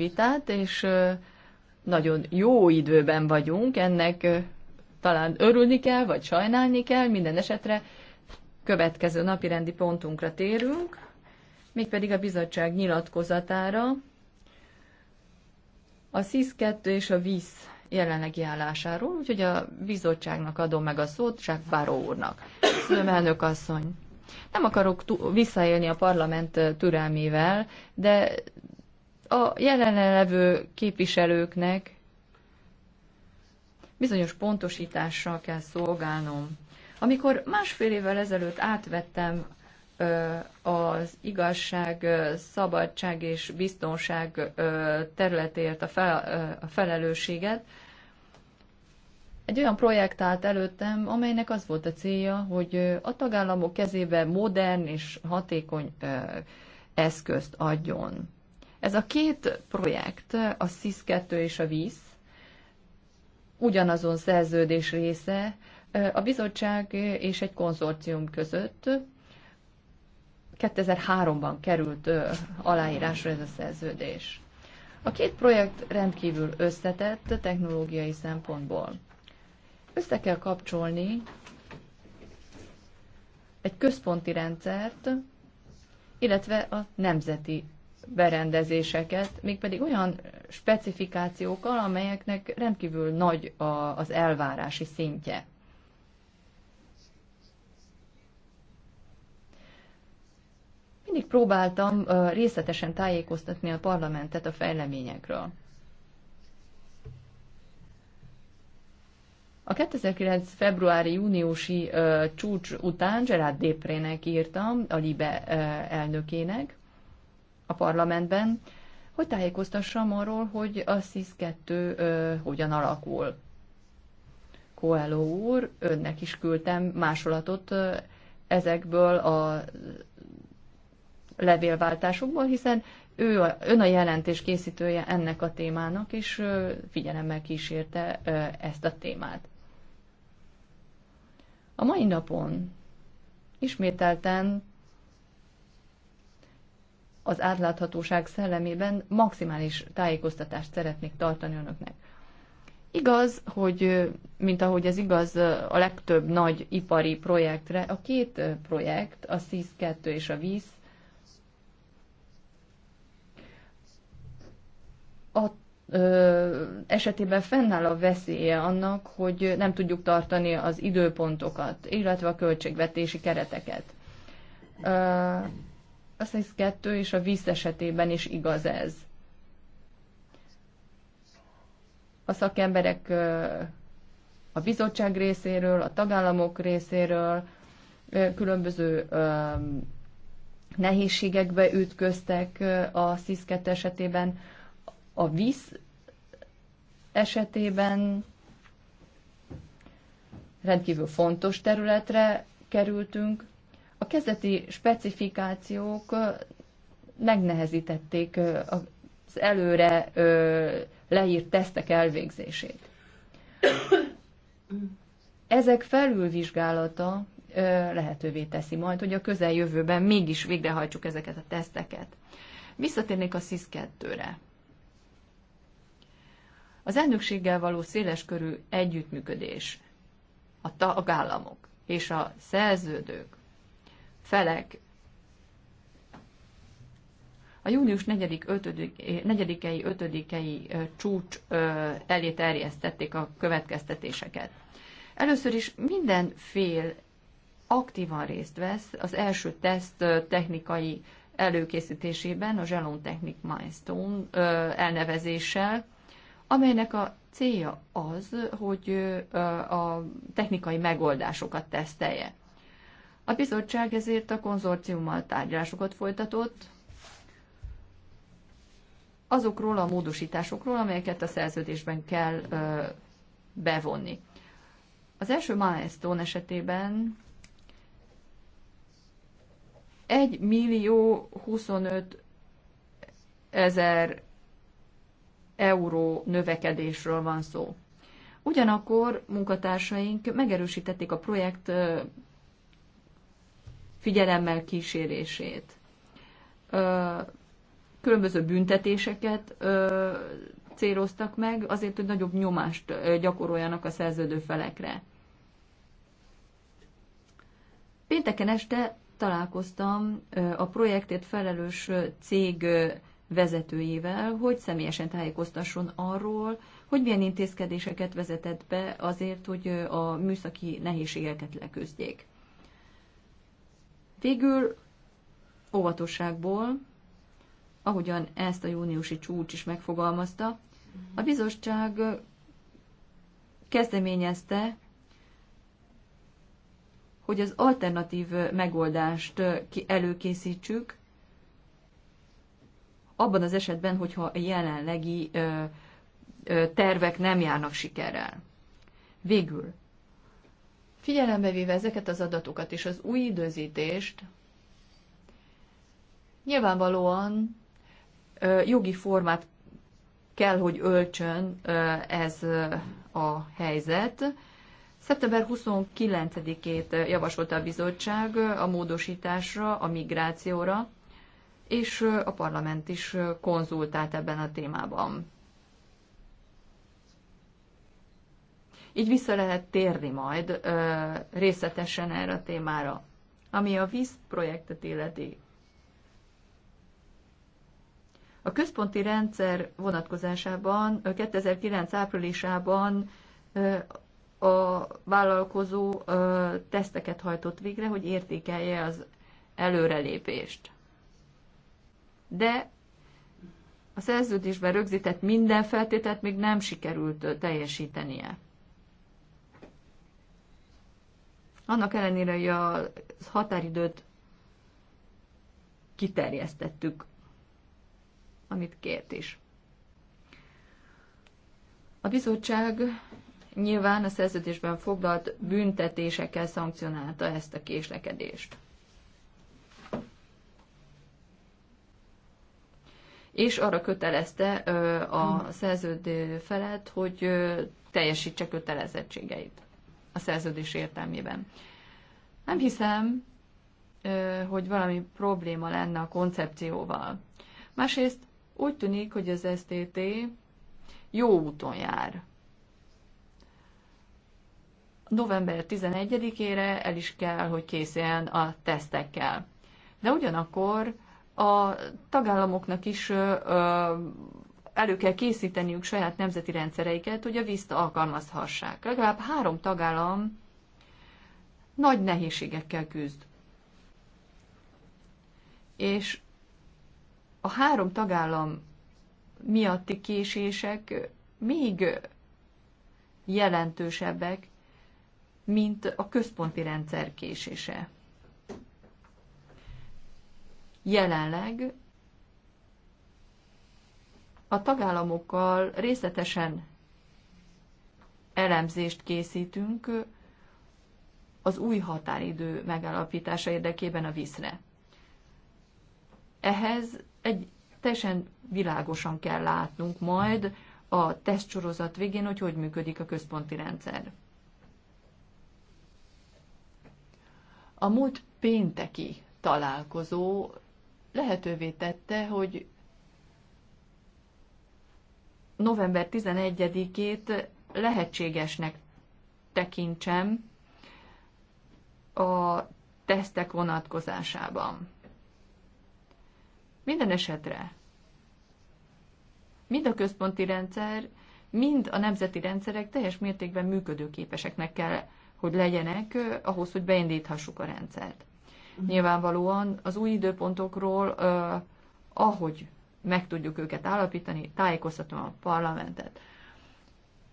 vitát, és nagyon jó időben vagyunk, ennek talán örülni kell, vagy sajnálni kell, minden esetre következő napi rendi pontunkra térünk, mégpedig a bizottság nyilatkozatára, a SZISZ 2 és a víz jelenlegi állásáról, úgyhogy a bizottságnak adom meg a szót, csak Báró úrnak. Köszönöm, elnök asszony. Nem akarok visszaélni a parlament türelmével, de a jelenlevő képviselőknek bizonyos pontosítással kell szolgálnom. Amikor másfél évvel ezelőtt átvettem az igazság, szabadság és biztonság területért a, fel, a felelősséget, egy olyan projekt állt előttem, amelynek az volt a célja, hogy a tagállamok kezébe modern és hatékony eszközt adjon. Ez a két projekt, a SZIS-2 és a víz, ugyanazon szerződés része a bizottság és egy konzorcium között. 2003-ban került aláírásra ez a szerződés. A két projekt rendkívül összetett technológiai szempontból. Össze kell kapcsolni egy központi rendszert, illetve a nemzeti berendezéseket, mégpedig olyan specifikációkkal, amelyeknek rendkívül nagy a az elvárási szintje. Mindig próbáltam részletesen tájékoztatni a parlamentet a fejleményekről. A 2009. februári-júniusi csúcs után Gerard Déprének írtam, a Libe elnökének, a parlamentben, hogy tájékoztassam arról, hogy a SZISZ 2 hogyan alakul. Coelho úr, önnek is küldtem másolatot ezekből a levélváltásokból, hiszen ő a, ön a jelentés készítője ennek a témának, és figyelemmel kísérte ezt a témát. A mai napon ismételten az átláthatóság szellemében maximális tájékoztatást szeretnék tartani önöknek. Igaz, hogy mint ahogy ez igaz a legtöbb nagy ipari projektre, a két projekt, a SZISZ 2 és a víz a ö, esetében fennáll a veszélye annak, hogy nem tudjuk tartani az időpontokat, illetve a költségvetési kereteket. Ö, a SZISZ 2 és a víz esetében is igaz ez. A szakemberek a bizottság részéről, a tagállamok részéről különböző nehézségekbe ütköztek a SZISZ 2 esetében. A víz esetében rendkívül fontos területre kerültünk, a kezdeti specifikációk megnehezítették az előre leírt tesztek elvégzését. Ezek felülvizsgálata lehetővé teszi majd, hogy a közeljövőben mégis végrehajtsuk ezeket a teszteket. Visszatérnék a SZIS-2-re. Az elnökséggel való széleskörű együttműködés, a tagállamok és a szerződők felek a június 4-i, 5-i csúcs elé terjesztették a következtetéseket. Először is minden fél aktívan részt vesz az első teszt technikai előkészítésében, a Zselon Technic Milestone elnevezéssel, amelynek a célja az, hogy a technikai megoldásokat tesztelje. A bizottság ezért a konzorciummal tárgyalásokat folytatott azokról a módosításokról, amelyeket a szerződésben kell ö, bevonni. Az első milestone esetében 1 millió 25 ezer euró növekedésről van szó. Ugyanakkor munkatársaink megerősítették a projekt figyelemmel kísérését, különböző büntetéseket céloztak meg azért, hogy nagyobb nyomást gyakoroljanak a szerződő felekre. Pénteken este találkoztam a projektért felelős cég vezetőjével, hogy személyesen tájékoztasson arról, hogy milyen intézkedéseket vezetett be azért, hogy a műszaki nehézségeket leküzdjék. Végül óvatosságból, ahogyan ezt a júniusi csúcs is megfogalmazta, a bizottság kezdeményezte, hogy az alternatív megoldást előkészítsük, abban az esetben, hogyha a jelenlegi tervek nem járnak sikerrel. Végül Figyelembe véve ezeket az adatokat és az új időzítést, nyilvánvalóan jogi formát kell, hogy öltsön ez a helyzet. Szeptember 29-ét javasolta a bizottság a módosításra, a migrációra, és a parlament is konzultált ebben a témában. Így vissza lehet térni majd ö, részletesen erre a témára. Ami a víz projektet illeti. A központi rendszer vonatkozásában 2009. áprilisában ö, a vállalkozó ö, teszteket hajtott végre, hogy értékelje az előrelépést. De a szerződésben rögzített minden feltételt még nem sikerült teljesítenie. Annak ellenére, hogy a határidőt kiterjesztettük, amit kért is. A bizottság nyilván a szerződésben foglalt büntetésekkel szankcionálta ezt a késlekedést. És arra kötelezte a szerződő felett, hogy teljesítse kötelezettségeit a szerződés értelmében. Nem hiszem, hogy valami probléma lenne a koncepcióval. Másrészt úgy tűnik, hogy az STT jó úton jár. November 11-ére el is kell, hogy készüljen a tesztekkel. De ugyanakkor a tagállamoknak is elő kell készíteniük saját nemzeti rendszereiket, hogy a vízt alkalmazhassák. Legalább három tagállam nagy nehézségekkel küzd. És a három tagállam miatti késések még jelentősebbek, mint a központi rendszer késése. Jelenleg a tagállamokkal részletesen elemzést készítünk az új határidő megállapítása érdekében a viszre. Ehhez egy teljesen világosan kell látnunk majd a tesztsorozat végén, hogy hogy működik a központi rendszer. A múlt pénteki találkozó lehetővé tette, hogy november 11-ét lehetségesnek tekintsem a tesztek vonatkozásában. Minden esetre mind a központi rendszer, mind a nemzeti rendszerek teljes mértékben működőképeseknek kell, hogy legyenek eh, ahhoz, hogy beindíthassuk a rendszert. Mhm. Nyilvánvalóan az új időpontokról, eh, ahogy meg tudjuk őket állapítani, tájékoztatom a parlamentet.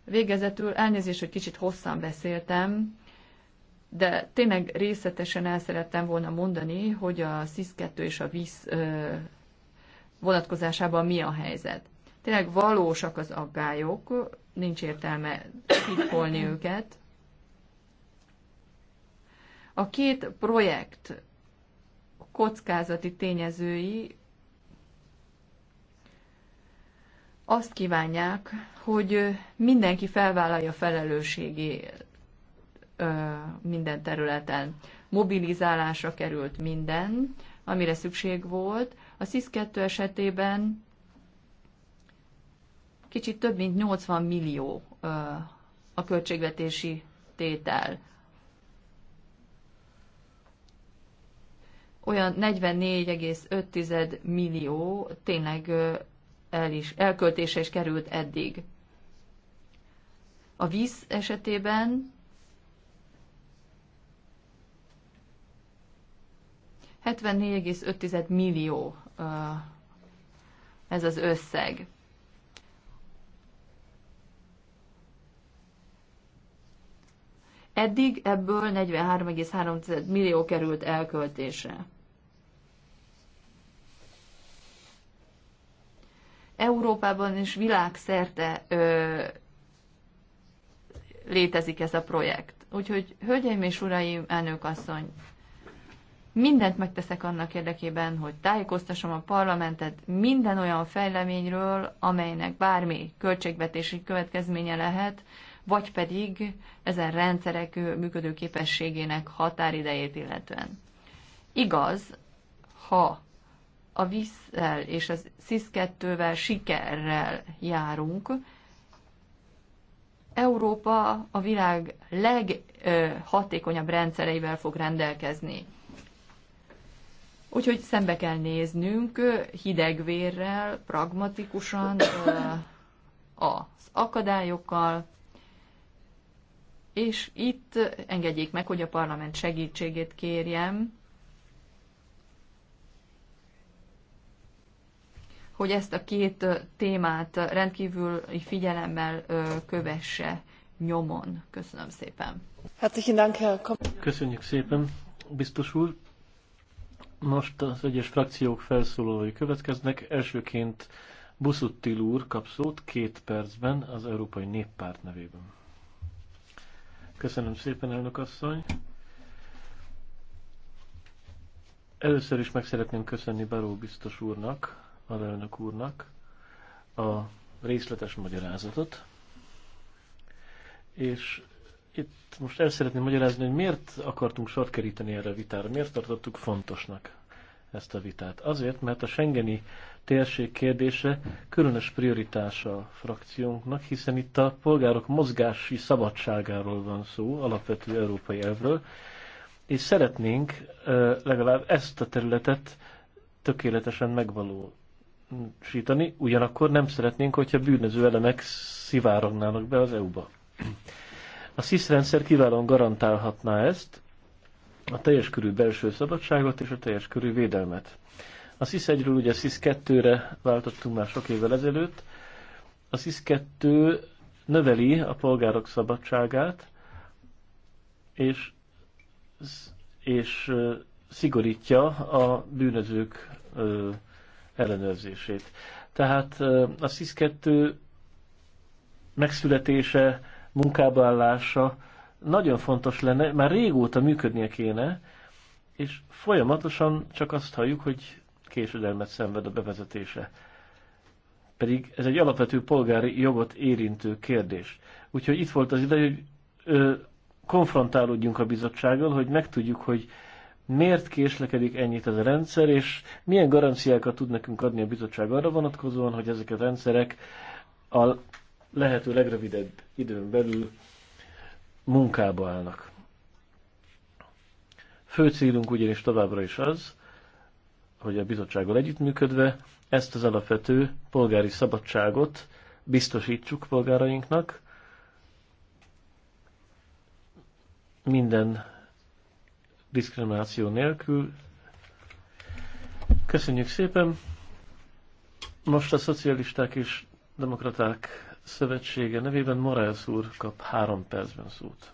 Végezetül elnézést, hogy kicsit hosszan beszéltem, de tényleg részletesen el szerettem volna mondani, hogy a szisz 2 és a víz vonatkozásában mi a helyzet. Tényleg valósak az aggályok, nincs értelme titkolni őket. A két projekt kockázati tényezői azt kívánják, hogy mindenki felvállalja felelősségét minden területen. Mobilizálásra került minden, amire szükség volt. A SZISZ-2 esetében kicsit több mint 80 millió a költségvetési tétel. Olyan 44,5 millió tényleg el is, elköltése is került eddig. A víz esetében 74,5 millió ez az összeg. Eddig ebből 43,3 millió került elköltésre. Európában és világszerte ö, létezik ez a projekt. Úgyhogy, hölgyeim és uraim, elnök asszony, mindent megteszek annak érdekében, hogy tájékoztassam a parlamentet minden olyan fejleményről, amelynek bármi költségvetési következménye lehet, vagy pedig ezen rendszerek működőképességének határidejét illetően. Igaz, ha a visszel és a SZIS-2-vel sikerrel járunk. Európa a világ leghatékonyabb rendszereivel fog rendelkezni. Úgyhogy szembe kell néznünk hidegvérrel, pragmatikusan az akadályokkal, és itt engedjék meg, hogy a parlament segítségét kérjem, hogy ezt a két témát rendkívül figyelemmel kövesse nyomon. Köszönöm szépen. Köszönjük szépen, biztos úr. Most az egyes frakciók felszólalói következnek. Elsőként Buszuttil úr kap szót két percben az Európai Néppárt nevében. Köszönöm szépen, elnök asszony. Először is meg szeretném köszönni Baró biztos úrnak alelnök úrnak a részletes magyarázatot, és itt most el szeretném magyarázni, hogy miért akartunk sort keríteni erre a vitára, miért tartottuk fontosnak ezt a vitát. Azért, mert a Schengeni térség kérdése különös prioritása a frakciónknak, hiszen itt a polgárok mozgási szabadságáról van szó, alapvető európai elvről, és szeretnénk legalább ezt a területet tökéletesen megvaló, megvalósítani, ugyanakkor nem szeretnénk, hogyha bűnöző elemek szivárognának be az EU-ba. A SZISZ rendszer kiválóan garantálhatná ezt, a teljes körű belső szabadságot és a teljes körű védelmet. A SZISZ 1-ről ugye sis SZISZ 2-re váltottunk már sok évvel ezelőtt. A SZISZ 2 növeli a polgárok szabadságát, és, és szigorítja a bűnözők ellenőrzését. Tehát a SZIS-2 megszületése, munkába állása nagyon fontos lenne, már régóta működnie kéne, és folyamatosan csak azt halljuk, hogy késődelmet szenved a bevezetése. Pedig ez egy alapvető polgári jogot érintő kérdés. Úgyhogy itt volt az ideje, hogy ö, konfrontálódjunk a bizottsággal, hogy megtudjuk, hogy miért késlekedik ennyit ez a rendszer, és milyen garanciákat tud nekünk adni a bizottság arra vonatkozóan, hogy ezek a rendszerek a lehető legrövidebb időn belül munkába állnak. Fő célunk ugyanis továbbra is az, hogy a bizottsággal együttműködve ezt az alapvető polgári szabadságot biztosítsuk polgárainknak minden diszkrimináció nélkül. Köszönjük szépen! Most a Szocialisták és Demokraták Szövetsége nevében Morales úr kap három percben szót.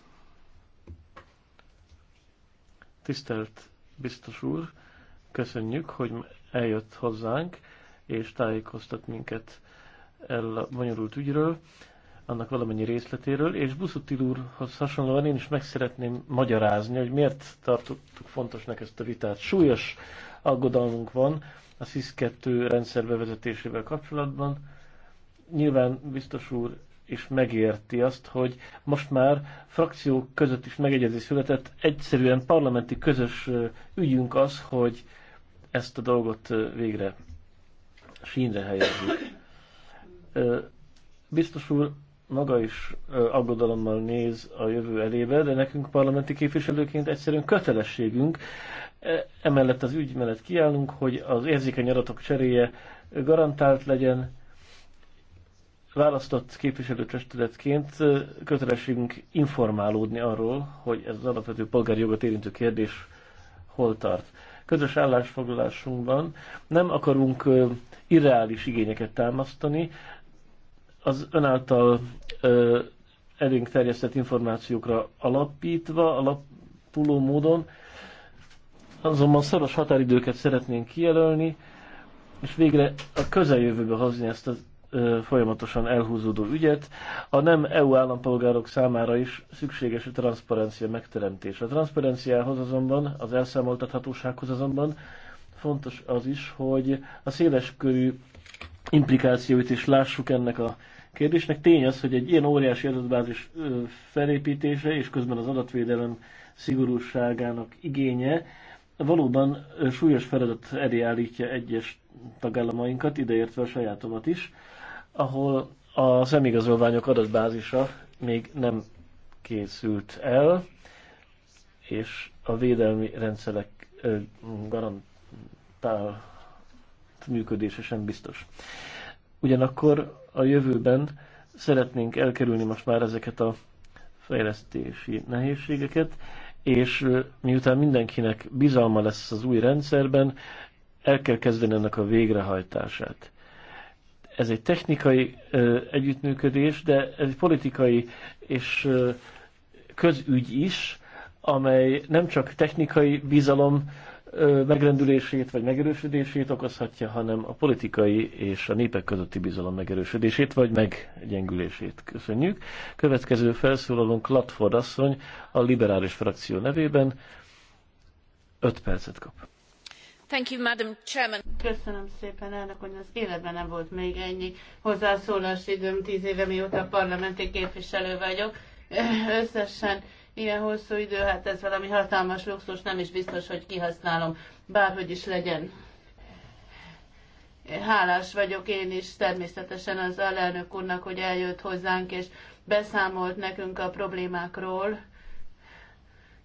Tisztelt biztos úr, köszönjük, hogy eljött hozzánk, és tájékoztat minket erről a bonyolult ügyről annak valamennyi részletéről, és Buszutil úrhoz hasonlóan én is meg szeretném magyarázni, hogy miért tartottuk fontosnak ezt a vitát. Súlyos aggodalmunk van a SZIS-2 rendszer bevezetésével kapcsolatban. Nyilván biztos úr és megérti azt, hogy most már frakciók között is megegyezés született. Egyszerűen parlamenti közös ügyünk az, hogy ezt a dolgot végre sínre helyezzük. Biztos úr, maga is aggodalommal néz a jövő elébe, de nekünk parlamenti képviselőként egyszerűen kötelességünk, emellett az ügy mellett kiállunk, hogy az érzékeny adatok cseréje garantált legyen, választott képviselőtestületként kötelességünk informálódni arról, hogy ez az alapvető polgári jogot érintő kérdés hol tart. Közös állásfoglalásunkban nem akarunk irreális igényeket támasztani, az ön által ö, elénk terjesztett információkra alapítva, alapuló módon, azonban szoros határidőket szeretnénk kijelölni, és végre a közeljövőbe hozni ezt a ö, folyamatosan elhúzódó ügyet. A nem EU állampolgárok számára is szükséges a transzparencia megteremtése. A transzparenciához azonban, az elszámoltathatósághoz azonban fontos az is, hogy a széleskörű implikációit is lássuk ennek a kérdésnek. Tény az, hogy egy ilyen óriási adatbázis felépítése és közben az adatvédelem szigorúságának igénye valóban súlyos feladat elé állítja egyes tagállamainkat, ideértve a sajátomat is, ahol a szemigazolványok adatbázisa még nem készült el, és a védelmi rendszerek garantál működése sem biztos. Ugyanakkor a jövőben szeretnénk elkerülni most már ezeket a fejlesztési nehézségeket, és miután mindenkinek bizalma lesz az új rendszerben, el kell kezdeni ennek a végrehajtását. Ez egy technikai ö, együttműködés, de ez egy politikai és ö, közügy is, amely nem csak technikai bizalom, megrendülését vagy megerősödését okozhatja, hanem a politikai és a népek közötti bizalom megerősödését vagy meggyengülését. Köszönjük. Következő felszólalónk Latford asszony a liberális frakció nevében. Öt percet kap. Thank you, Madam Chairman. Köszönöm szépen, elnök, hogy az életben nem volt még ennyi hozzászólási időm tíz éve, mióta parlamenti képviselő vagyok. Összesen ilyen hosszú idő, hát ez valami hatalmas luxus, nem is biztos, hogy kihasználom, bárhogy is legyen. Hálás vagyok én is természetesen az alelnök úrnak, hogy eljött hozzánk, és beszámolt nekünk a problémákról,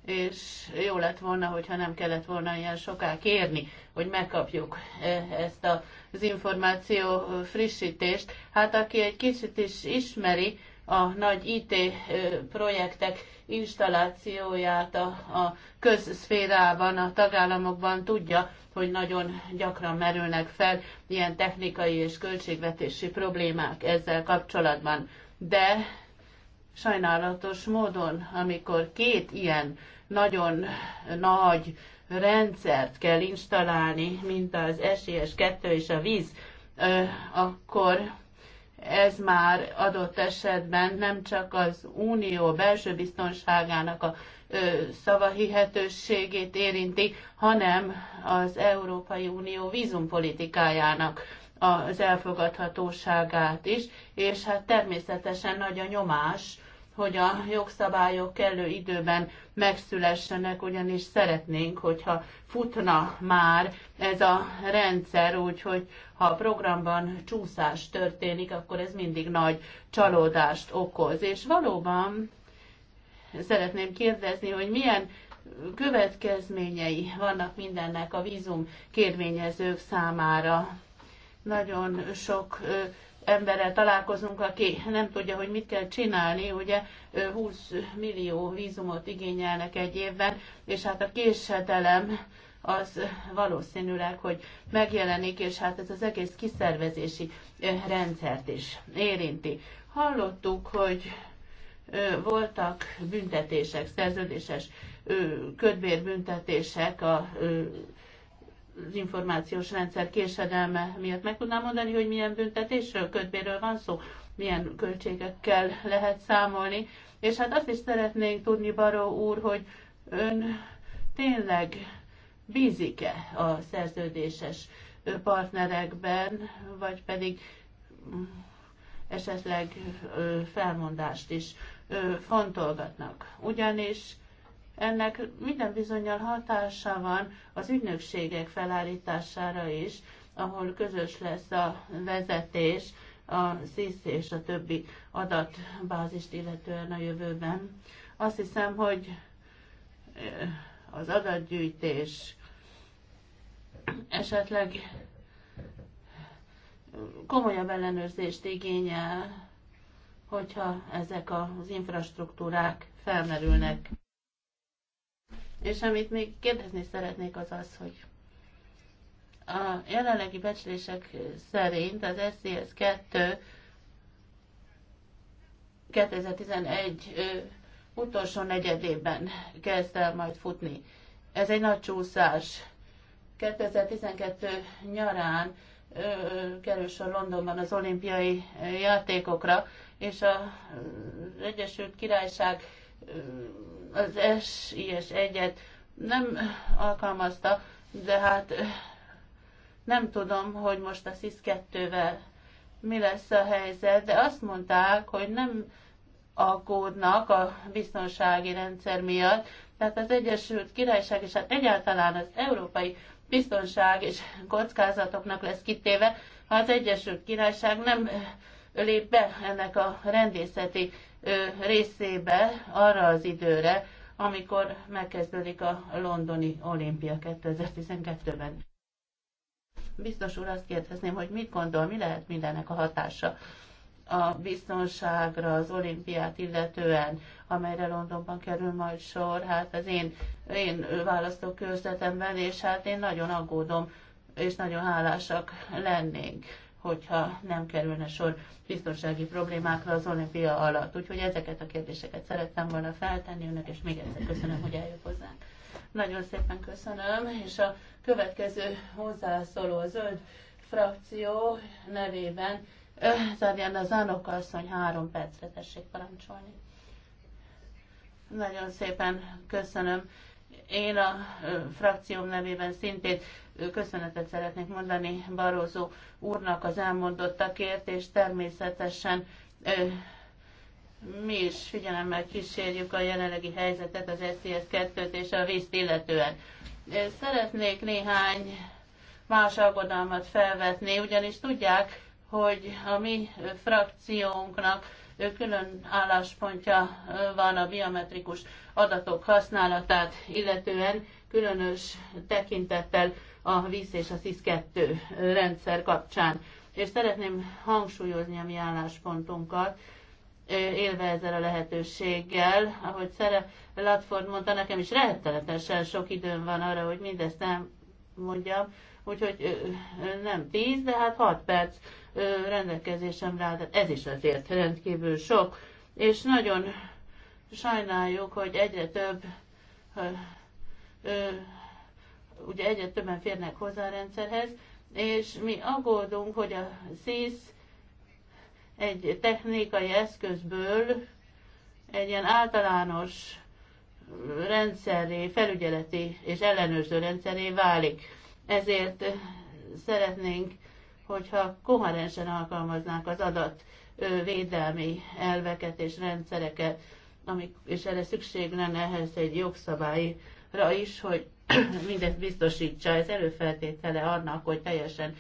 és jó lett volna, hogyha nem kellett volna ilyen soká kérni, hogy megkapjuk eh, ezt az információ frissítést. Hát aki egy kicsit is ismeri a nagy IT projektek installációját a, a közszférában, a tagállamokban tudja, hogy nagyon gyakran merülnek fel ilyen technikai és költségvetési problémák ezzel kapcsolatban. De sajnálatos módon, amikor két ilyen nagyon nagy rendszert kell installálni, mint az SES2 és a víz, akkor ez már adott esetben nem csak az unió belső biztonságának a szavahihetőségét érinti, hanem az Európai Unió vízumpolitikájának az elfogadhatóságát is, és hát természetesen nagy a nyomás, hogy a jogszabályok kellő időben megszülessenek, ugyanis szeretnénk, hogyha futna már ez a rendszer, úgyhogy ha a programban csúszás történik, akkor ez mindig nagy csalódást okoz. És valóban szeretném kérdezni, hogy milyen következményei vannak mindennek a vízum kérvényezők számára nagyon sok emberrel találkozunk, aki nem tudja, hogy mit kell csinálni. Ugye 20 millió vízumot igényelnek egy évben, és hát a késedelem az valószínűleg, hogy megjelenik, és hát ez az egész kiszervezési rendszert is érinti. Hallottuk, hogy voltak büntetések, szerződéses kötbérbüntetések a az információs rendszer késedelme miatt. Meg tudnám mondani, hogy milyen büntetésről, kötbéről van szó, milyen költségekkel lehet számolni. És hát azt is szeretnénk tudni, Baró úr, hogy ön tényleg bízik-e a szerződéses partnerekben, vagy pedig mm, esetleg felmondást is fontolgatnak. Ugyanis ennek minden bizonyal hatása van az ügynökségek felállítására is, ahol közös lesz a vezetés, a SZISZ és a többi adatbázist illetően a jövőben. Azt hiszem, hogy eh, az adatgyűjtés esetleg komolyabb ellenőrzést igényel, hogyha ezek az infrastruktúrák felmerülnek. És amit még kérdezni szeretnék az az, hogy a jelenlegi becslések szerint az SZSZ 2 2011 utolsó negyedében kezd el majd futni. Ez egy nagy csúszás. 2012 nyarán ö, kerül sor Londonban az olimpiai játékokra, és az Egyesült Királyság az SIS egyet nem alkalmazta, de hát eh, nem tudom, hogy most a SIS 2-vel mi lesz a helyzet, de azt mondták, hogy nem aggódnak a biztonsági rendszer miatt, tehát az Egyesült Királyság és hát egyáltalán az európai biztonság és kockázatoknak lesz kitéve, ha az Egyesült Királyság nem eh, lép be ennek a rendészeti részébe arra az időre, amikor megkezdődik a londoni olimpia 2012-ben. Biztos úr, azt kérdezném, hogy mit gondol, mi lehet mindennek a hatása a biztonságra, az olimpiát illetően, amelyre Londonban kerül majd sor, hát az én, én választókörzetemben, és hát én nagyon aggódom, és nagyon hálásak lennénk hogyha nem kerülne sor biztonsági problémákra az olimpia alatt. Úgyhogy ezeket a kérdéseket szerettem volna feltenni önök, és még egyszer köszönöm, hogy eljött hozzánk. Nagyon szépen köszönöm, és a következő hozzászóló a zöld frakció nevében Zadjana Zánok asszony három percre tessék parancsolni. Nagyon szépen köszönöm én a frakcióm nevében szintén köszönetet szeretnék mondani Barózó úrnak az elmondottakért, és természetesen mi is figyelemmel kísérjük a jelenlegi helyzetet, az SZSZ 2-t és a vízt illetően. Szeretnék néhány más aggodalmat felvetni, ugyanis tudják, hogy a mi frakciónknak külön álláspontja van a biometrikus adatok használatát, illetően különös tekintettel a VISZ és a SZIS-2 rendszer kapcsán. És szeretném hangsúlyozni a mi álláspontunkat, élve ezzel a lehetőséggel, ahogy Szere Latford mondta, nekem is rettenetesen sok időm van arra, hogy mindezt nem mondjam, úgyhogy nem 10, de hát 6 perc rendelkezésemre áll, tehát ez is azért rendkívül sok, és nagyon sajnáljuk, hogy egyre több ugye egyre többen férnek hozzá a rendszerhez, és mi aggódunk, hogy a SZISZ egy technikai eszközből egy ilyen általános rendszeré, felügyeleti és ellenőrző rendszeré válik. Ezért szeretnénk hogyha koherensen alkalmaznánk az adat védelmi elveket és rendszereket, amik, és erre szükség lenne ehhez egy jogszabályra is, hogy mindezt biztosítsa. Ez előfeltétele annak, hogy teljesen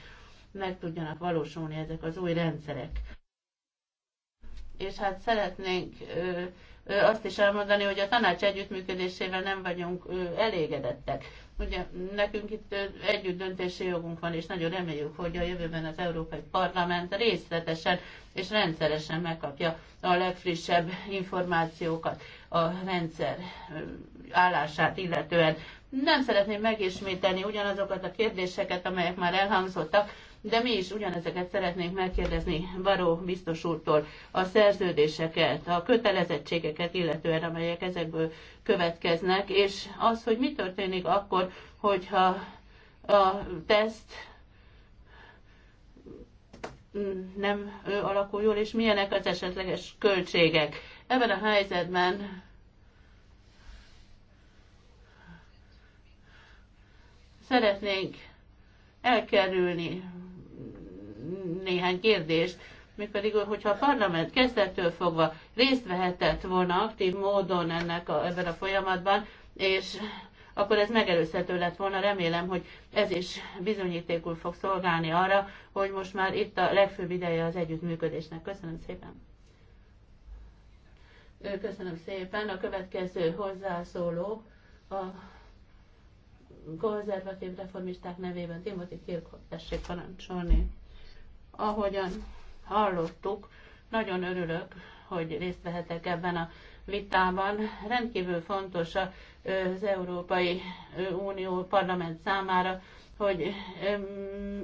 meg tudjanak valósulni ezek az új rendszerek és hát szeretnénk azt is elmondani, hogy a tanács együttműködésével nem vagyunk elégedettek. Ugye nekünk itt együtt döntési jogunk van, és nagyon reméljük, hogy a jövőben az Európai Parlament részletesen és rendszeresen megkapja a legfrissebb információkat a rendszer állását illetően. Nem szeretném megismételni ugyanazokat a kérdéseket, amelyek már elhangzottak, de mi is ugyanezeket szeretnénk megkérdezni Baró biztos úrtól a szerződéseket, a kötelezettségeket illetően, amelyek ezekből következnek, és az, hogy mi történik akkor, hogyha a teszt nem ő alakul jól, és milyenek az esetleges költségek. Ebben a helyzetben szeretnénk elkerülni néhány kérdést, mégpedig, hogyha a parlament kezdettől fogva részt vehetett volna aktív módon ennek a, ebben a folyamatban, és akkor ez megelőzhető lett volna. Remélem, hogy ez is bizonyítékul fog szolgálni arra, hogy most már itt a legfőbb ideje az együttműködésnek. Köszönöm szépen! Köszönöm szépen. A következő hozzászóló a konzervatív reformisták nevében Timothy Kirkhoff tessék parancsolni. Ahogyan hallottuk, nagyon örülök, hogy részt vehetek ebben a vitában. Rendkívül fontos az Európai Unió parlament számára, hogy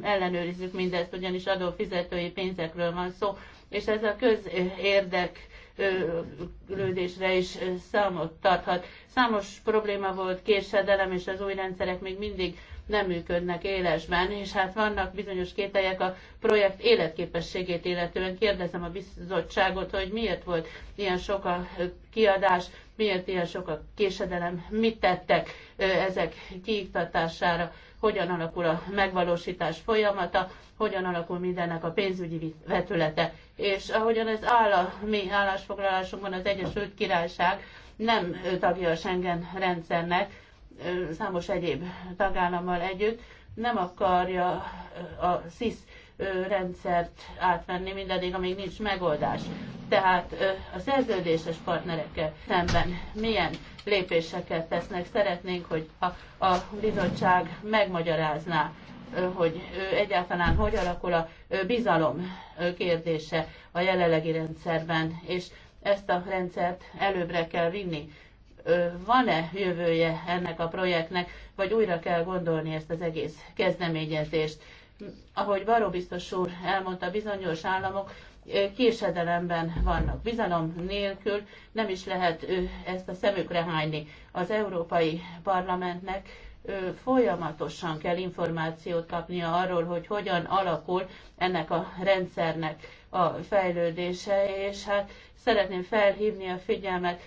ellenőrizzük mindezt, ugyanis adófizetői pénzekről van szó, és ez a közérdek lődésre is számot tarthat. Számos probléma volt, késedelem, és az új rendszerek még mindig nem működnek élesben, és hát vannak bizonyos kételyek a projekt életképességét illetően. Kérdezem a bizottságot, hogy miért volt ilyen sok a kiadás, miért ilyen sok a késedelem, mit tettek ezek kiiktatására, hogyan alakul a megvalósítás folyamata, hogyan alakul mindennek a pénzügyi vetülete. És ahogyan ez áll a mi állásfoglalásunkban, az Egyesült Királyság nem tagja a Schengen rendszernek, számos egyéb tagállammal együtt nem akarja a SZISZ rendszert átvenni, mindaddig, amíg nincs megoldás. Tehát a szerződéses partnerekkel szemben milyen lépéseket tesznek. Szeretnénk, hogy a, a bizottság megmagyarázná, hogy egyáltalán hogy alakul a bizalom kérdése a jelenlegi rendszerben, és ezt a rendszert előbbre kell vinni van-e jövője ennek a projektnek, vagy újra kell gondolni ezt az egész kezdeményezést. Ahogy Baró biztos úr elmondta, bizonyos államok késedelemben vannak, bizalom nélkül nem is lehet ezt a szemükre hányni. Az Európai Parlamentnek folyamatosan kell információt kapnia arról, hogy hogyan alakul ennek a rendszernek a fejlődése, és hát szeretném felhívni a figyelmet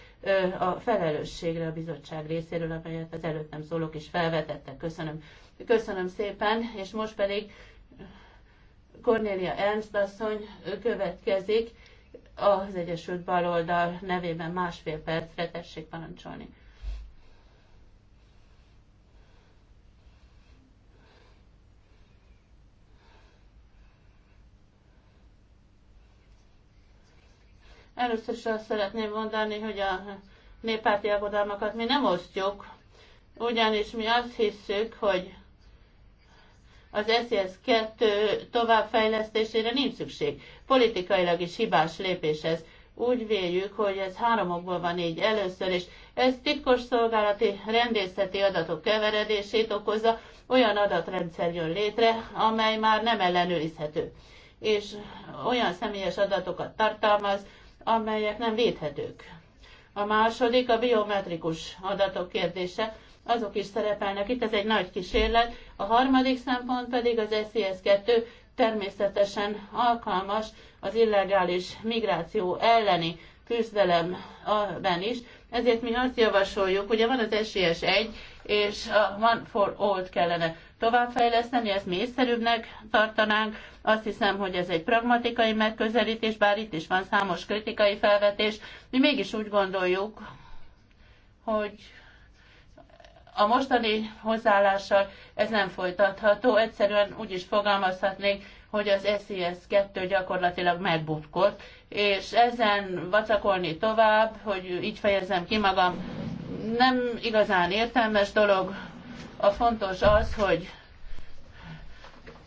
a felelősségre a bizottság részéről, amelyet az előttem szólók is felvetettek. Köszönöm. Köszönöm szépen, és most pedig Cornélia Ernst asszony következik az Egyesült Baloldal nevében másfél percre tessék parancsolni. Először is azt szeretném mondani, hogy a néppárti aggodalmakat mi nem osztjuk, ugyanis mi azt hisszük, hogy az SZSZ 2 továbbfejlesztésére nincs szükség. Politikailag is hibás lépés ez. Úgy véljük, hogy ez háromokból van így először, és ez titkos szolgálati rendészeti adatok keveredését okozza, olyan adatrendszer jön létre, amely már nem ellenőrizhető, és olyan személyes adatokat tartalmaz, amelyek nem védhetők. A második a biometrikus adatok kérdése, azok is szerepelnek itt, ez egy nagy kísérlet. A harmadik szempont pedig az SZSZ-2 természetesen alkalmas az illegális migráció elleni küzdelemben is. Ezért mi azt javasoljuk, ugye van az SZSZ 1, és a One for all kellene továbbfejleszteni, ezt mi észszerűbbnek tartanánk. Azt hiszem, hogy ez egy pragmatikai megközelítés, bár itt is van számos kritikai felvetés. Mi mégis úgy gondoljuk, hogy a mostani hozzáállással ez nem folytatható. Egyszerűen úgy is fogalmazhatnék, hogy az SES 2 gyakorlatilag megbukkott, és ezen vacakolni tovább, hogy így fejezem ki magam, nem igazán értelmes dolog. A fontos az, hogy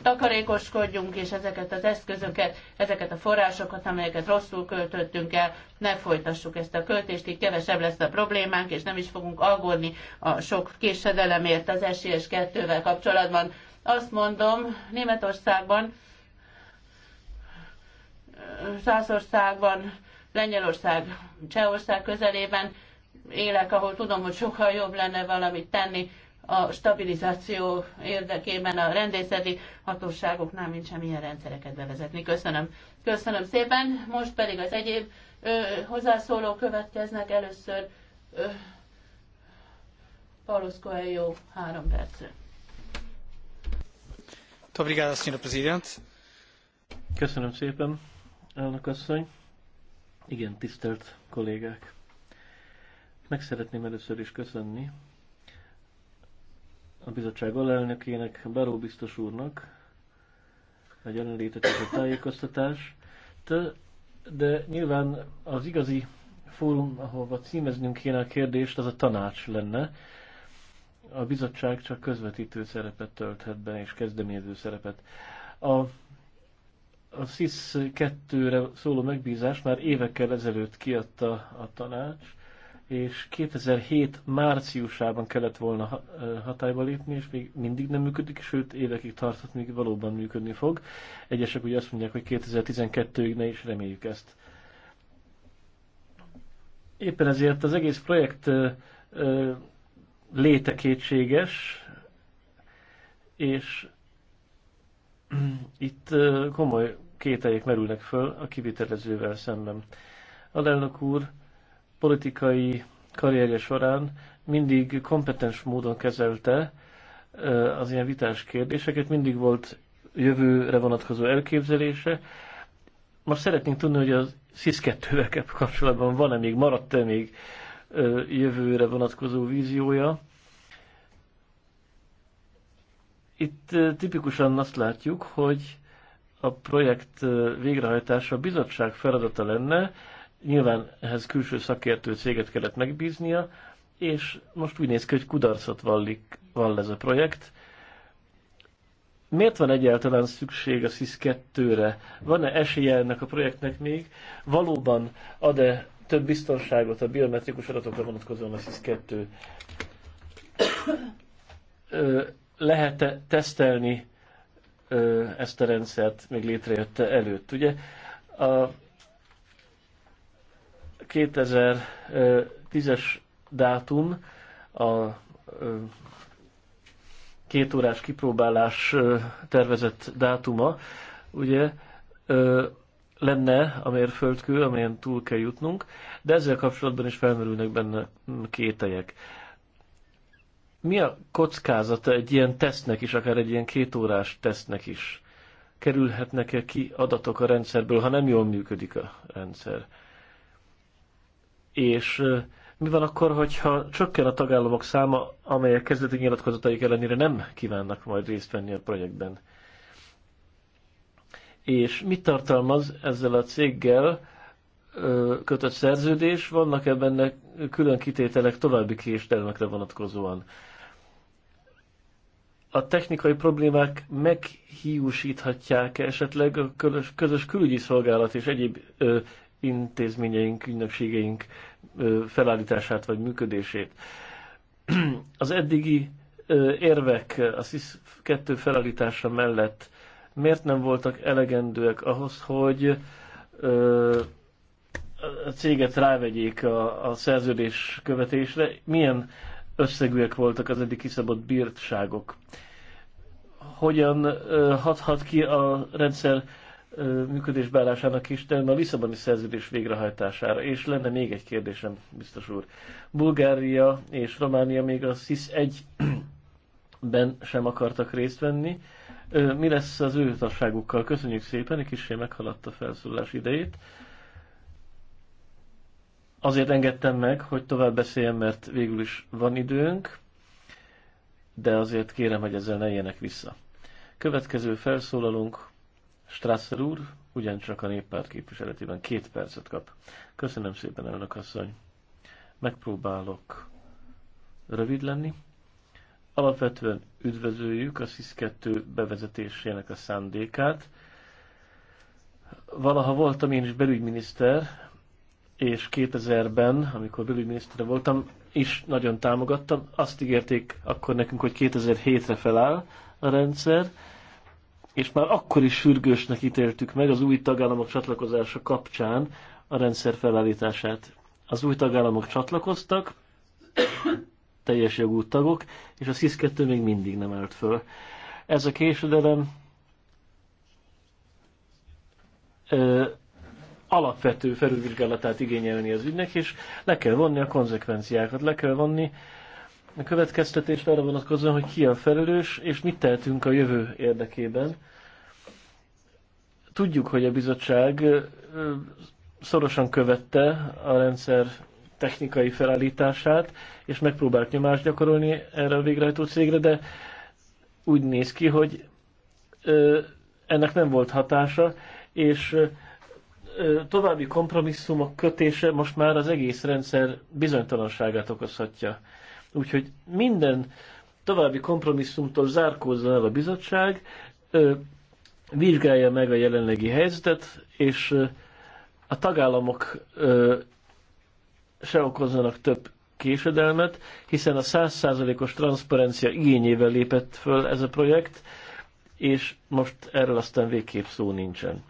takarékoskodjunk, és ezeket az eszközöket, ezeket a forrásokat, amelyeket rosszul költöttünk el, ne folytassuk ezt a költést, így kevesebb lesz a problémánk, és nem is fogunk aggódni a sok késedelemért az SIS-2-vel kapcsolatban. Azt mondom, Németországban, Szászországban, Lengyelország, Csehország közelében élek, ahol tudom, hogy sokkal jobb lenne valamit tenni a stabilizáció érdekében a rendészeti hatóságoknál, mint semmilyen rendszereket bevezetni. Köszönöm. Köszönöm szépen. Most pedig az egyéb ö, hozzászóló következnek. Először ö, Paulus Coelho, három perc. Obrigado, Sr. Presidente. Köszönöm szépen, elnök asszony. Igen, tisztelt kollégák. Meg szeretném először is köszönni a bizottság alelnökének, Baró biztos úrnak, hogy jelenlétet és a tájékoztatás, de, de nyilván az igazi fórum, ahova címeznünk kéne a kérdést, az a tanács lenne. A bizottság csak közvetítő szerepet tölthet be, és kezdeményező szerepet. A, a SZISZ 2-re szóló megbízást már évekkel ezelőtt kiadta a tanács, és 2007 márciusában kellett volna hatályba lépni, és még mindig nem működik, sőt évekig tartott, még valóban működni fog. Egyesek ugye azt mondják, hogy 2012-ig ne is reméljük ezt. Éppen ezért az egész projekt léte kétséges, és itt komoly kételyek merülnek föl a kivitelezővel szemben. Alelnök úr, politikai karrierje során mindig kompetens módon kezelte az ilyen vitás kérdéseket, mindig volt jövőre vonatkozó elképzelése. Most szeretnénk tudni, hogy a SZIS-2-vel kapcsolatban van-e még, maradt-e még jövőre vonatkozó víziója. Itt tipikusan azt látjuk, hogy a projekt végrehajtása a bizottság feladata lenne, Nyilván ehhez külső szakértő céget kellett megbíznia, és most úgy néz ki, hogy kudarcot vallik, vall ez a projekt. Miért van egyáltalán szükség a SZIS-2-re? Van-e esélye ennek a projektnek még? Valóban ad-e több biztonságot a biometrikus adatokra vonatkozóan a SZIS-2? Lehet-e tesztelni ezt a rendszert még létrejött előtt? Ugye a 2010-es dátum a két órás kipróbálás tervezett dátuma, ugye lenne a mérföldkő, amelyen túl kell jutnunk, de ezzel kapcsolatban is felmerülnek benne kételyek. Mi a kockázata egy ilyen tesznek is, akár egy ilyen két órás tesznek is? Kerülhetnek-e ki adatok a rendszerből, ha nem jól működik a rendszer? És mi van akkor, hogyha csökken a tagállamok száma, amelyek kezdeti nyilatkozataik ellenére nem kívánnak majd részt venni a projektben? És mit tartalmaz ezzel a céggel kötött szerződés? Vannak-e benne külön kitételek további késtelmekre vonatkozóan? A technikai problémák meghiúsíthatják -e esetleg a közös, külügyi szolgálat és egyéb intézményeink, ügynökségeink felállítását vagy működését. Az eddigi érvek a SZISZ 2 felállítása mellett miért nem voltak elegendőek ahhoz, hogy a céget rávegyék a, a szerződés követésre? Milyen összegűek voltak az eddig kiszabott bírtságok? Hogyan hathat ki a rendszer működésbe állásának is, de a Lisszaboni szerződés végrehajtására. És lenne még egy kérdésem, biztos úr. Bulgária és Románia még a SZISZ 1-ben sem akartak részt venni. Mi lesz az ő tagságukkal? Köszönjük szépen, egy kicsit meghaladt a felszólás idejét. Azért engedtem meg, hogy tovább beszéljem, mert végül is van időnk, de azért kérem, hogy ezzel ne éljenek vissza. Következő felszólalunk Strasser úr ugyancsak a néppárt képviseletében két percet kap. Köszönöm szépen, elnök asszony. Megpróbálok rövid lenni. Alapvetően üdvözöljük a SZIS-2 bevezetésének a szándékát. Valaha voltam én is belügyminiszter, és 2000-ben, amikor belügyminiszter voltam, is nagyon támogattam. Azt ígérték akkor nekünk, hogy 2007-re feláll a rendszer, és már akkor is sürgősnek ítéltük meg az új tagállamok csatlakozása kapcsán a rendszer felállítását. Az új tagállamok csatlakoztak, teljes jogú tagok, és a SZIS-2 még mindig nem állt föl. Ez a késedelem ö, alapvető felülvizsgálatát igényelni az ügynek, és le kell vonni a konzekvenciákat, le kell vonni a következtetés arra vonatkozóan, hogy ki a felelős, és mit tehetünk a jövő érdekében. Tudjuk, hogy a bizottság szorosan követte a rendszer technikai felállítását, és megpróbált nyomást gyakorolni erre a végrehajtó cégre, de úgy néz ki, hogy ennek nem volt hatása, és további kompromisszumok kötése most már az egész rendszer bizonytalanságát okozhatja. Úgyhogy minden további kompromisszumtól zárkózzon el a bizottság, vizsgálja meg a jelenlegi helyzetet, és a tagállamok se okozzanak több késedelmet, hiszen a 100%-os transzparencia igényével lépett föl ez a projekt, és most erről aztán végképp szó nincsen.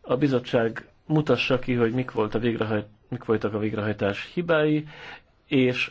A bizottság mutassa ki, hogy mik, volt a végrehajt, mik voltak a végrehajtás hibái, és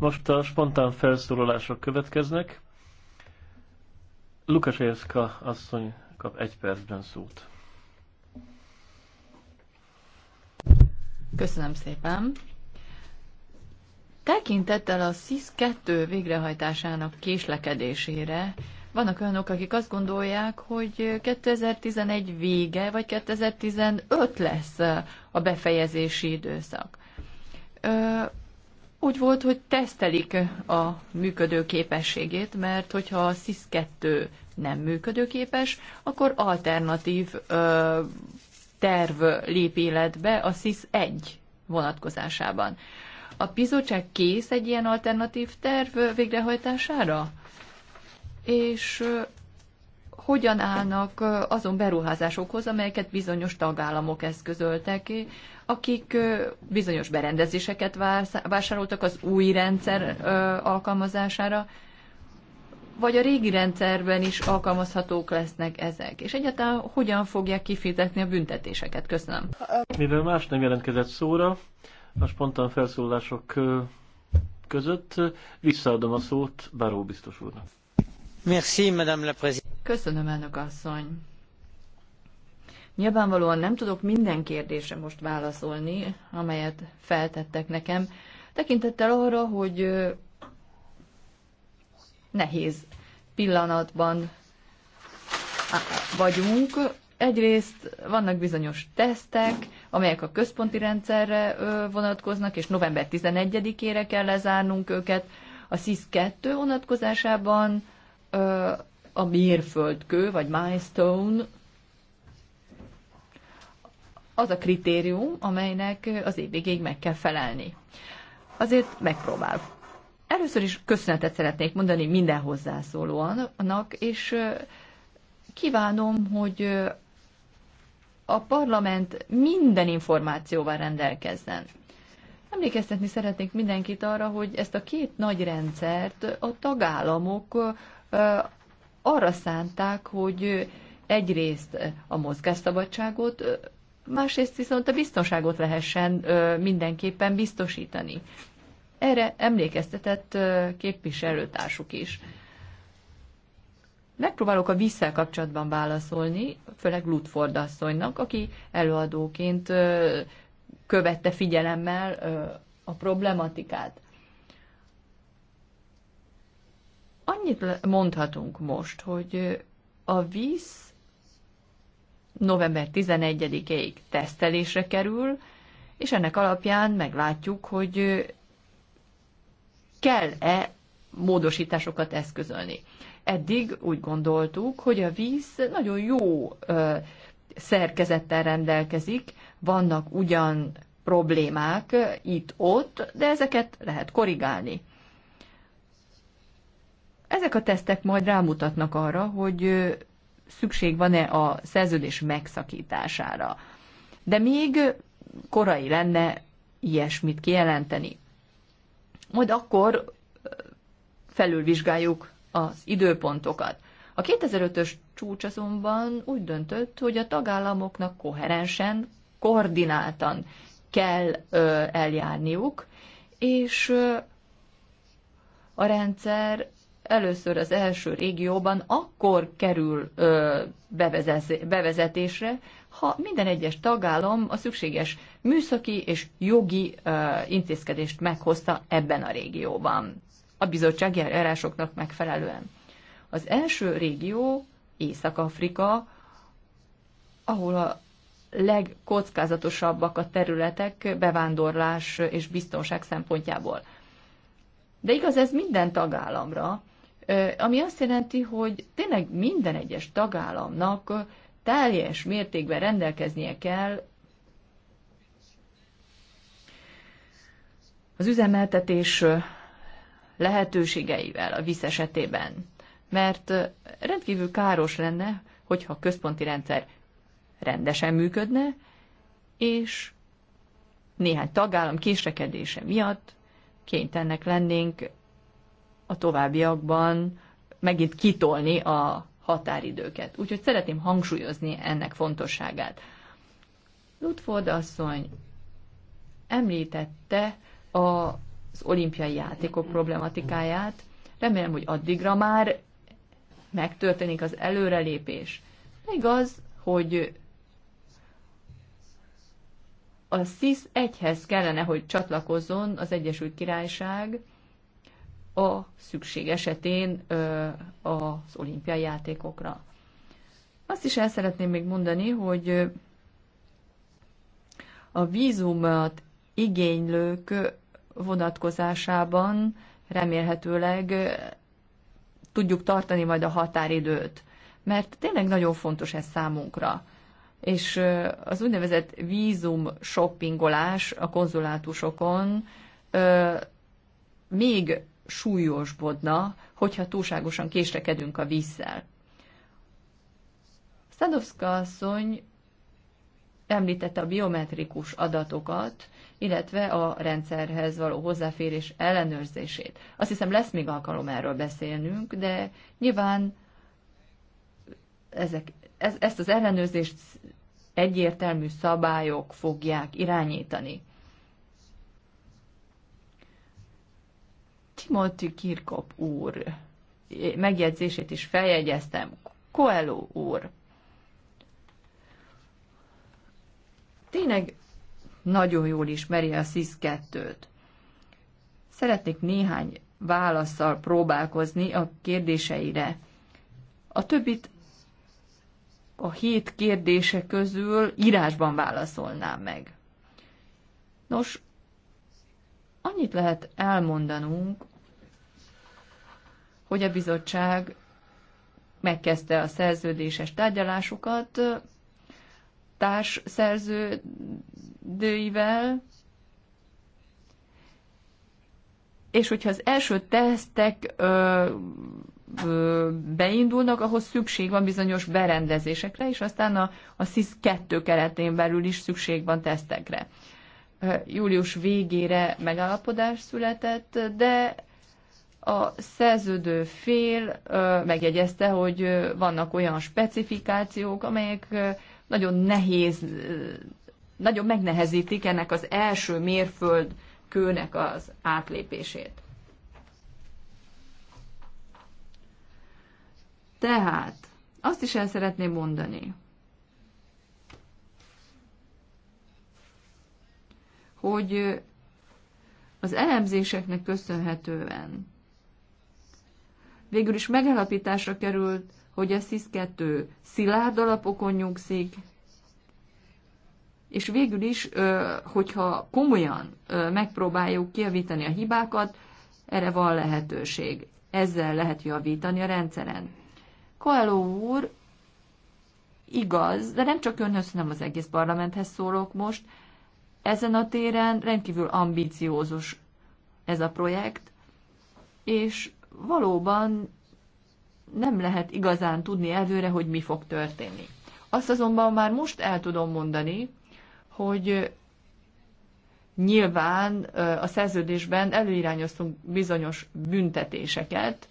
Most a spontán felszólalások következnek. Lukasevska asszony kap egy percben szót. Köszönöm szépen. Tekintettel a sis 2 végrehajtásának késlekedésére vannak olyanok, akik azt gondolják, hogy 2011 vége, vagy 2015 lesz a befejezési időszak úgy volt, hogy tesztelik a működő képességét, mert hogyha a SIS-2 nem működőképes, akkor alternatív ö, terv lép életbe a SIS-1 vonatkozásában. A bizottság kész egy ilyen alternatív terv végrehajtására? És ö, hogyan állnak azon beruházásokhoz, amelyeket bizonyos tagállamok eszközöltek akik bizonyos berendezéseket vásároltak az új rendszer alkalmazására, vagy a régi rendszerben is alkalmazhatók lesznek ezek? És egyáltalán hogyan fogják kifizetni a büntetéseket? Köszönöm. Mivel más nem jelentkezett szóra, a spontán felszólások között visszaadom a szót Baró biztos úrnak. Merci, Madame la Présidente. Köszönöm, elnök asszony. Nyilvánvalóan nem tudok minden kérdésre most válaszolni, amelyet feltettek nekem, tekintettel arra, hogy nehéz pillanatban vagyunk. Egyrészt vannak bizonyos tesztek, amelyek a központi rendszerre vonatkoznak, és november 11-ére kell lezárnunk őket. A SIS-2 vonatkozásában a mérföldkő, vagy milestone az a kritérium, amelynek az év végéig meg kell felelni. Azért megpróbál. Először is köszönetet szeretnék mondani minden hozzászólónak, és kívánom, hogy a parlament minden információval rendelkezzen. Emlékeztetni szeretnék mindenkit arra, hogy ezt a két nagy rendszert a tagállamok arra szánták, hogy egyrészt a mozgásszabadságot másrészt viszont a biztonságot lehessen mindenképpen biztosítani. Erre emlékeztetett képviselőtársuk is. Megpróbálok a vízzel kapcsolatban válaszolni, főleg Lutford asszonynak, aki előadóként követte figyelemmel a problematikát. Annyit mondhatunk most, hogy a víz november 11-ig tesztelésre kerül, és ennek alapján meglátjuk, hogy kell-e módosításokat eszközölni. Eddig úgy gondoltuk, hogy a víz nagyon jó szerkezettel rendelkezik, vannak ugyan problémák itt-ott, de ezeket lehet korrigálni. Ezek a tesztek majd rámutatnak arra, hogy szükség van-e a szerződés megszakítására. De még korai lenne ilyesmit kijelenteni. Majd akkor felülvizsgáljuk az időpontokat. A 2005-ös csúcs azonban úgy döntött, hogy a tagállamoknak koherensen, koordináltan kell ö, eljárniuk, és ö, a rendszer először az első régióban akkor kerül ö, bevezetésre, ha minden egyes tagállam a szükséges műszaki és jogi ö, intézkedést meghozta ebben a régióban. A bizottsági eljárásoknak megfelelően. Az első régió Észak-Afrika, ahol a legkockázatosabbak a területek bevándorlás és biztonság szempontjából. De igaz ez minden tagállamra, ami azt jelenti, hogy tényleg minden egyes tagállamnak teljes mértékben rendelkeznie kell az üzemeltetés lehetőségeivel a VISZ esetében. Mert rendkívül káros lenne, hogyha a központi rendszer rendesen működne, és néhány tagállam késrekedése miatt kénytelenek lennénk a továbbiakban megint kitolni a határidőket. Úgyhogy szeretném hangsúlyozni ennek fontosságát. Ludford asszony említette az olimpiai játékok problematikáját. Remélem, hogy addigra már megtörténik az előrelépés. Igaz, hogy a SZISZ egyhez kellene, hogy csatlakozzon az Egyesült Királyság, a szükség esetén az olimpiai játékokra. Azt is el szeretném még mondani, hogy a vízumot igénylők vonatkozásában remélhetőleg tudjuk tartani majd a határidőt, mert tényleg nagyon fontos ez számunkra. És az úgynevezett vízum shoppingolás a konzulátusokon még súlyosbodna, hogyha túlságosan késlekedünk a vízzel. Szadovszka asszony említette a biometrikus adatokat, illetve a rendszerhez való hozzáférés ellenőrzését. Azt hiszem lesz még alkalom erről beszélnünk, de nyilván ezek, ez, ezt az ellenőrzést egyértelmű szabályok fogják irányítani. Timothy Kirkop úr megjegyzését is feljegyeztem, Coelho úr. Tényleg nagyon jól ismeri a sis 2 t Szeretnék néhány válaszsal próbálkozni a kérdéseire. A többit a hét kérdése közül írásban válaszolnám meg. Nos, annyit lehet elmondanunk, hogy a bizottság megkezdte a szerződéses tárgyalásokat társ szerződőivel, és hogyha az első tesztek ö, ö, beindulnak, ahhoz szükség van bizonyos berendezésekre, és aztán a, a SZISZ 2 keretén belül is szükség van tesztekre. Július végére megállapodás született, de a szerződő fél megjegyezte, hogy vannak olyan specifikációk, amelyek nagyon nehéz, nagyon megnehezítik ennek az első mérföld kőnek az átlépését. Tehát, azt is el szeretném mondani, hogy az elemzéseknek köszönhetően végül is megállapításra került, hogy a SZIS-2 szilárd alapokon nyugszik, és végül is, hogyha komolyan megpróbáljuk kiavítani a hibákat, erre van lehetőség. Ezzel lehet javítani a rendszeren. Koeló úr, igaz, de nem csak önhöz, hanem az egész parlamenthez szólok most, ezen a téren rendkívül ambiciózus ez a projekt, és valóban nem lehet igazán tudni előre, hogy mi fog történni. Azt azonban már most el tudom mondani, hogy nyilván a szerződésben előirányoztunk bizonyos büntetéseket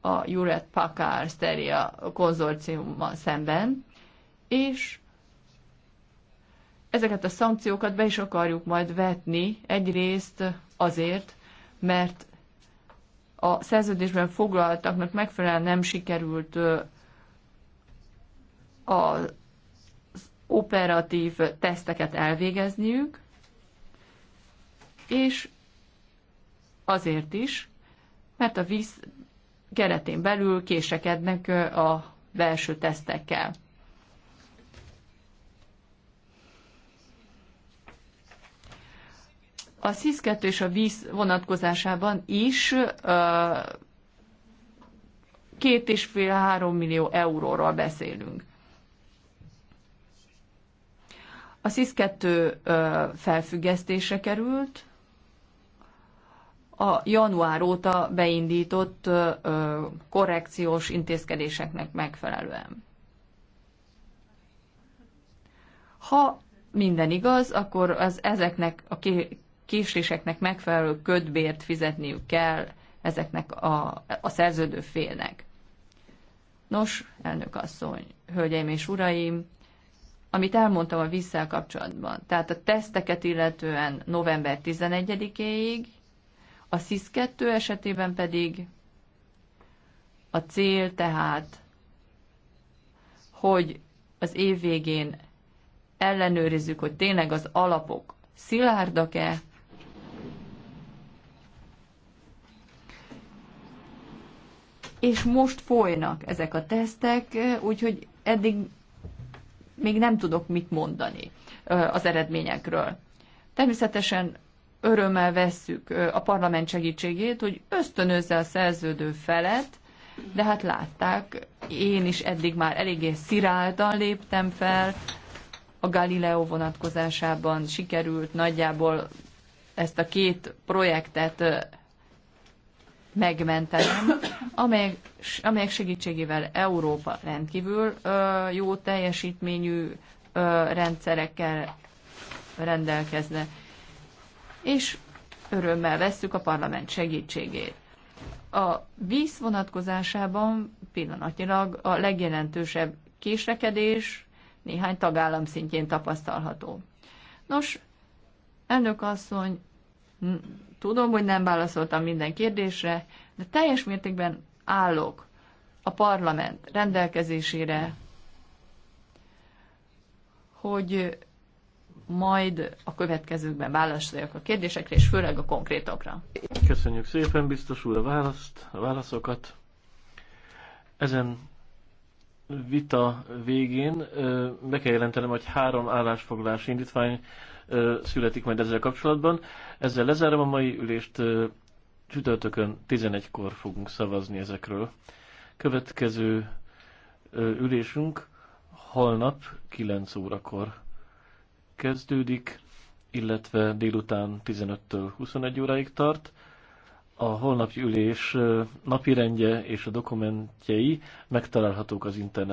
a Juret Pakar Steria konzorciummal szemben, és ezeket a szankciókat be is akarjuk majd vetni egyrészt azért, mert a szerződésben foglaltaknak megfelelően nem sikerült az operatív teszteket elvégezniük, és azért is, mert a víz keretén belül késekednek a belső tesztekkel. A SZIS-2 és a víz vonatkozásában is két és fél három millió euróról beszélünk. A SZIS-2 felfüggesztése került, a január óta beindított korrekciós intézkedéseknek megfelelően. Ha minden igaz, akkor az ezeknek a késléseknek megfelelő ködbért fizetniük kell ezeknek a, a szerződő félnek. Nos, elnök asszony, hölgyeim és uraim, amit elmondtam a visszel kapcsolatban, tehát a teszteket illetően november 11-éig, a SZIS-2 esetében pedig a cél tehát, hogy az év végén ellenőrizzük, hogy tényleg az alapok szilárdak-e, és most folynak ezek a tesztek, úgyhogy eddig még nem tudok mit mondani az eredményekről. Természetesen örömmel vesszük a parlament segítségét, hogy ösztönözze a szerződő felet, de hát látták, én is eddig már eléggé sziráltan léptem fel, a Galileo vonatkozásában sikerült nagyjából ezt a két projektet megmentenem, amelyek, amelyek segítségével Európa rendkívül ö, jó teljesítményű ö, rendszerekkel rendelkezne. És örömmel vesszük a parlament segítségét. A víz vonatkozásában pillanatnyilag a legjelentősebb késlekedés néhány tagállam szintjén tapasztalható. Nos, elnök asszony, Tudom, hogy nem válaszoltam minden kérdésre, de teljes mértékben állok a parlament rendelkezésére, hogy majd a következőkben válaszoljak a kérdésekre, és főleg a konkrétokra. Köszönjük szépen, biztos úr, a választ, a válaszokat. Ezen vita végén be kell jelentenem, hogy három állásfoglalási indítvány születik majd ezzel kapcsolatban. Ezzel lezárom a mai ülést. Csütörtökön 11-kor fogunk szavazni ezekről. Következő ülésünk holnap 9 órakor kezdődik, illetve délután 15-től 21 óráig tart. A holnapi ülés napirendje és a dokumentjei megtalálhatók az interneten.